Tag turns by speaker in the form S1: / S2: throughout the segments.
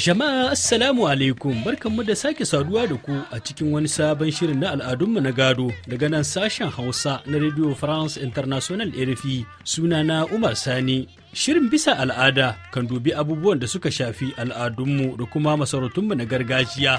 S1: Jama'a Assalamu alaikum barkanmu da sake saduwa da ku a cikin wani sabon shirin na al'adunmu na gado daga nan sashen Hausa na Radio France International RFI sunana Umar Sani. Shirin bisa al'ada kan dubi abubuwan da suka shafi al'adunmu da kuma masarautunmu na gargajiya.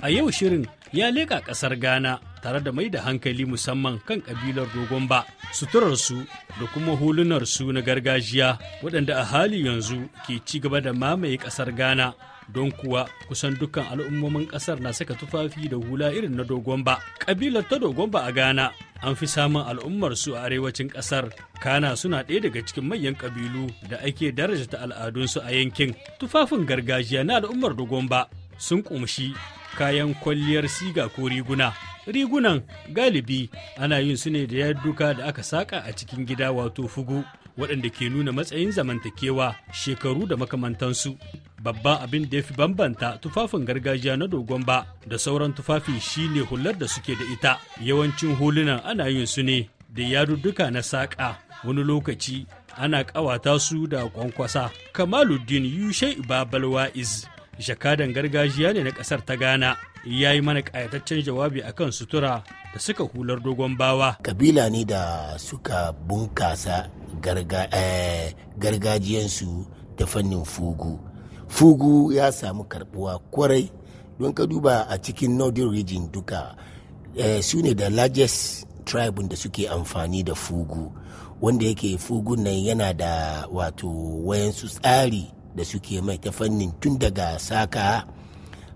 S1: A yau shirin ya leƙa ƙasar Ghana tare da mai da hankali musamman kan kabilar dogon ba suturarsu da kuma hulunarsu na gargajiya waɗanda a hali yanzu ke ci gaba da mamaye ƙasar ghana don kuwa kusan dukkan al'ummomin ƙasar na saka tufafi da hula irin na dogon ba ƙabilar ta dogon ba a ghana an fi samun al'ummarsu a arewacin ƙasar kana suna ɗaya daga cikin manyan ƙabilu da ake daraja ta al'adunsu a yankin tufafin gargajiya na al'ummar dogon ba sun ƙumshi kayan kwalliyar siga ko riguna rigunan galibi ana yin su ne da yadduka da aka saka a cikin gida wato fugu waɗanda ke nuna matsayin zamantakewa shekaru da makamantansu babban abin da ya fi bambanta tufafin gargajiya na dogon ba da sauran tufafi shine hular da suke da ita yawancin hulunan ana yin su ne da yadudduka na saƙa wani lokaci ana ƙawata su da kwankwasa kamaluddin yushai babalwa'iz jakadan gargajiya ne na ƙasar ta gana ya yi mana kayataccen jawabi a kan sutura da suka hular dogon bawa kabila
S2: ne da suka bunkasa eh, gargajiyansu da fannin fugu fugu ya samu karbuwa kwarai don ka duba a cikin northern region duka eh, su ne da largest tribe da suke amfani da fugu wanda yake fugun nan yana da wato wayansu tsari da suke mai ta fannin tun daga saka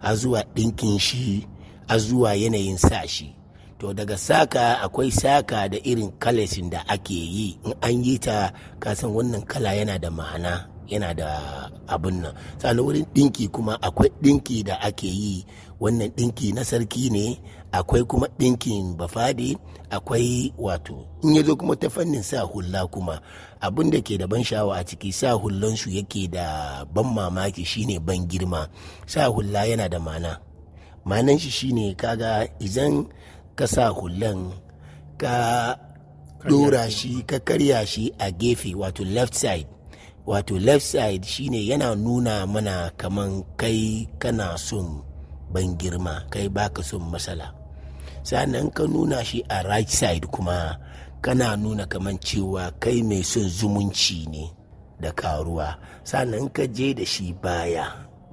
S2: a zuwa ɗinkin shi a zuwa yanayin sa shi to daga saka akwai saka da irin kalesin da ake yi in an yi ta kasan wannan kala yana da ma'ana yana da abin nan sannan wurin ɗinki kuma akwai dinki da ake yi wannan dinki na sarki ne akwai kuma dinkin bafade akwai wato in ya zo kuma ta fannin sa hulla kuma abin da ke da ban sha'awa a ciki sa hullansu yake da ban mamaki shine ban girma sa hulla yana da mana manan shi shine kaga idan ka sa hullan ka dora shi ka karya shi a gefe wato left side wato left side shine yana nuna mana kaman kai kana son ban girma kai baka son matsala sannan ka nuna shi a right side kuma kana nuna kaman cewa kai mai son zumunci ne da karuwa sannan ka je da shi baya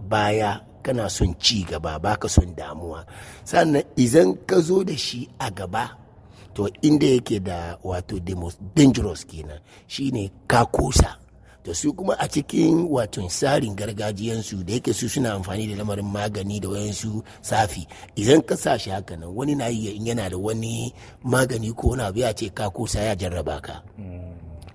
S2: baya kana son ci gaba baka son damuwa sannan idan ka zo da shi a gaba to inda yake da wato the dangerous kenan shine ka kosa da su kuma a cikin wato tsarin gargajiyansu da yake su suna amfani da lamarin magani da wayansu safi idan ka sa shi haka nan wani na iya in yana da wani magani ko wani abu ce ka ko sa ya jarraba ka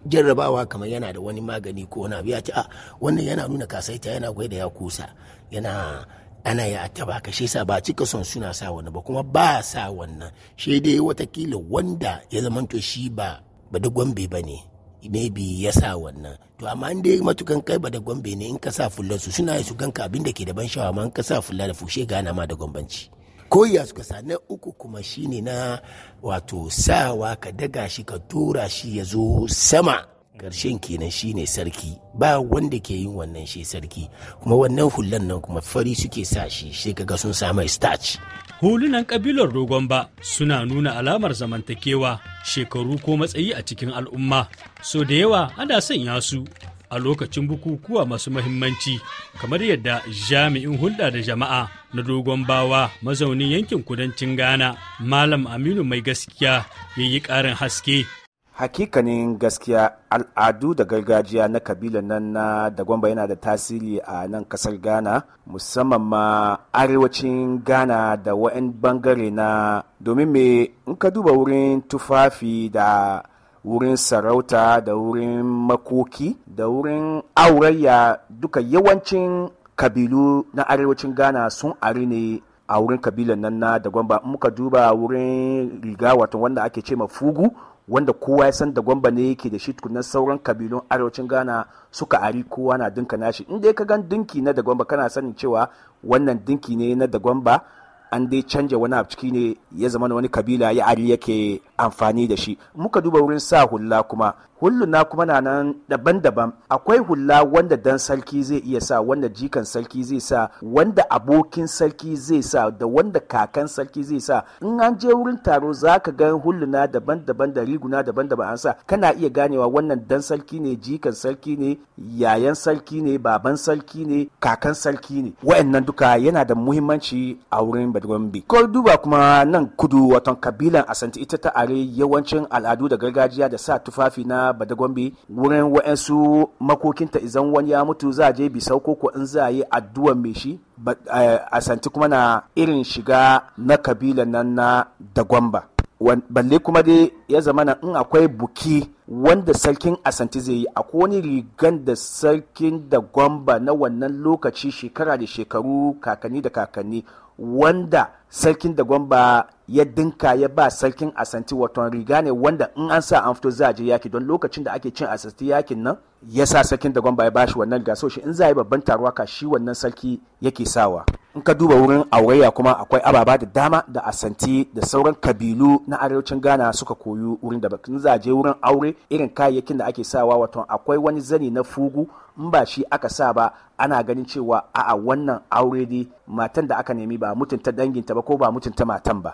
S2: jarrabawa kamar yana da wani magani ko wani abu ce a ah, wannan yana nuna kasaita yana gwai da ya kusa yana ana ya attaba ka shi ba cika son suna sa wannan ba kuma ba sa wannan shi dai watakila wanda ya zamanto shi ba ba da gwambe ba ne maybe ya sa wannan to amma in dai matukan kai ba da gombe ne in ka sa fullan su suna su ganka abin da ke da ban sha'awa ma in ka sa fulla da fushe gana ma da gombanci koya suka sa na uku kuma shine na wato sawa ka daga shi ka tura shi ya zo sama ƙarshen kenan shine sarki ba wanda ke yin wannan shi sarki kuma wannan hulan nan kuma fari suke sa shi shi kaga sun samu starch
S1: hulunan kabilar dogon ba suna nuna alamar zamantakewa shekaru ko matsayi a cikin al'umma so da yawa ana sanya su a lokacin bukukuwa masu mahimmanci kamar yadda jami'in hulɗa da jama'a na dogon bawa mazaunin yankin kudancin ghana malam aminu mai gaskiya ya yi ƙarin haske
S3: hakikanin gaskiya al'adu da gargajiya na kabilan nan na dagwamba yana da tasiri a nan kasar ghana musamman ma arewacin ghana da wa'in bangare na domin me in ka duba wurin tufafi da wurin sarauta da wurin makoki da wurin aurayya duka yawancin kabilu na arewacin ghana sun ari ne a wurin kabilan nan na dagwamba muka duba wurin riga wato wanda ake ce ma fugu wanda kowa ya san da gwamba ne yake da shi tukunan sauran kabilun arewacin ghana suka ari kowa na dinka nashi in dai ka gan dinki na da gwamba kana sanin cewa wannan dinki ne na da gwamba an dai canja wani abu ciki ne ya zama wani kabila ya ari yake amfani da shi muka duba wurin sa hula kuma hulluna kuma na nan daban-daban akwai hula wanda dan sarki zai iya sa wanda jikan sarki zai sa wanda abokin sarki zai sa da wanda kakan sarki zai sa in an je wurin taro za ka ga hulluna daban-daban da riguna daban-daban an sa kana iya ganewa wannan dan sarki ne jikan sarki ne yayan sarki ne baban sarki ne kakan sarki ne wa'annan duka yana da muhimmanci a wurin badwambi ko duba kuma nan kudu watan kabilan asanti ita ta tare yawancin al'adu da gargajiya da sa tufafi na badagwambi wurin wa'ansu makokinta idan wani ya mutu za a je bi sauko ko in za a yi addu'an mai shi eh, a santi kuma na irin shiga na kabila nan na dagwamba balle kuma dai ya zama na in akwai buki wanda sarkin asanti zai yi akwai wani rigan da sarkin da gwamba na wannan lokaci shekara da shekaru kakanni da kakanni wanda sarkin da gwamba ya dinka ya ba sarkin asanti wato riga ne wanda in an sa an fito za a je yaki don lokacin da ake cin asanti yakin nan ya sa sarkin da gwamba ya bashi wannan riga so shi in za a yi babban taruwa ka shi wannan sarki yake sawa in ka duba wurin aurayya kuma akwai ababa da dama da asanti da sauran kabilu na arewacin ghana suka koyu wurin da ba za a je wurin aure irin kayayyakin da ake sawa wato akwai wani zani na fugu in ba shi aka sa ba ana ganin cewa a'a wannan aure dai matan da aka nemi ba mutunta danginta ba ko ba mutunta matan ba.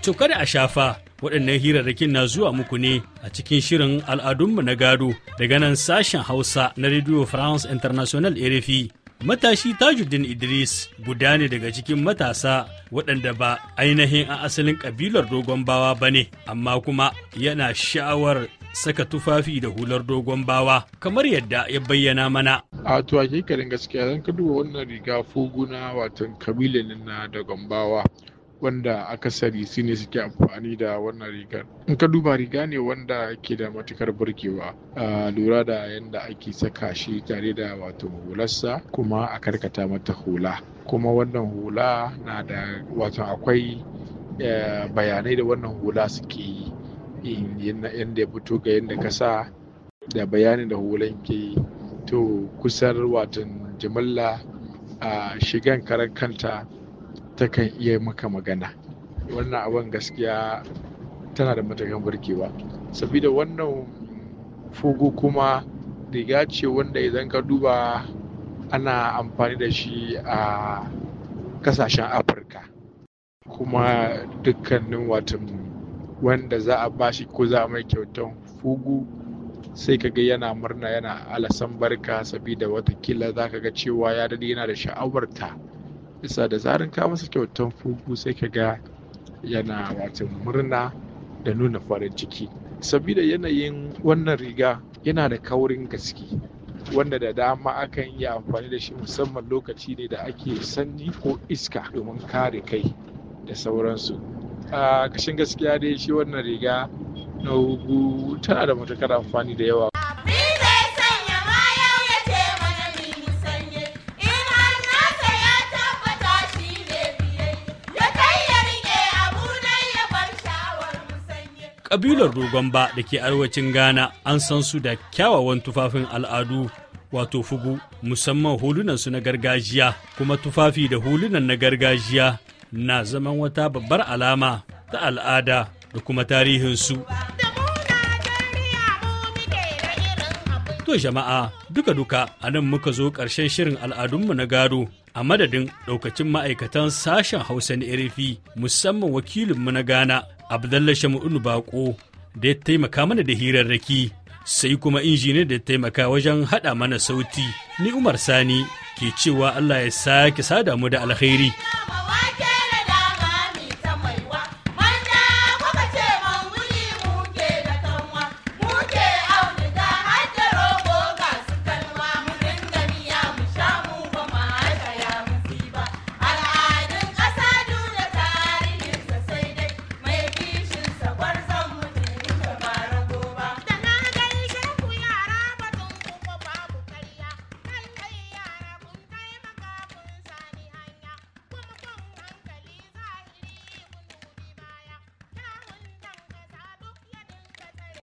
S1: To kada a shafa waɗannan hirarrakin na zuwa muku ne a cikin shirin al'adunmu na gado daga nan sashen Hausa na Radio France International RFI Matashi Tajuddin Idris guda ne daga cikin matasa waɗanda ba ainihin a asalin ƙabilar dogon bawa ba ne, amma kuma yana sha'awar saka tufafi da hular dogon bawa kamar yadda ya bayyana mana.
S4: A to hakikalin gaskiya zan ka duba wannan riga foguna watan kabilin na dogon bawa. wanda aka sani su ne suke amfani da wannan rigar in ka duba riga ne wanda ke da matukar burgewa a lura da yadda ake saka shi tare da wato hularsa kuma a karkata mata hula kuma wannan hula na da wato akwai e, bayanai da wannan hula suke yi yadda ya fito ga yadda ka sa da bayanin da hulan ke to kusan watan jimilla a shigan karan kanta takan iya maka magana wannan abin gaskiya tana da matakan burkewa sabida wannan fugu kuma riga ce wanda idan ka duba ana amfani da shi a kasashen afirka kuma dukkanin watan wanda za a bashi ko za a mai kyautan fugu sai ka ga yana murna yana alasan barka sabida watakila za ka ga cewa ya dade yana da sha'awarta bisa da zaran ka masa kyautan fugu sai ka ga yana wato murna da nuna farin ciki sabida yanayin wannan riga yana da kaurin gaske wanda da dama akan yi amfani da shi musamman lokaci ne da ake sanyi ko iska domin kare kai da sauransu a kashin gaskiya dai shi wannan riga na hugu tana da matuƙar amfani da yawa
S1: Kabilar dogon da ke arewacin Ghana an san su da kyawawan tufafin al'adu wato fugu musamman hulunan su na gargajiya kuma tufafi da hulunan na gargajiya na zaman wata babbar alama ta al'ada da kuma tarihinsu. To jama'a duka-duka a nan muka zo ƙarshen shirin al'adunmu na gado a madadin ɗaukacin ma'aikatan sashen hausa na musamman wakilinmu na Ghana Abdallah Shamu'unu Bako da ya taimaka mana da hirarraki sai kuma injiniya da ya taimaka wajen haɗa mana sauti ni Umar Sani ke cewa Allah ya sake sada mu da alkhairi.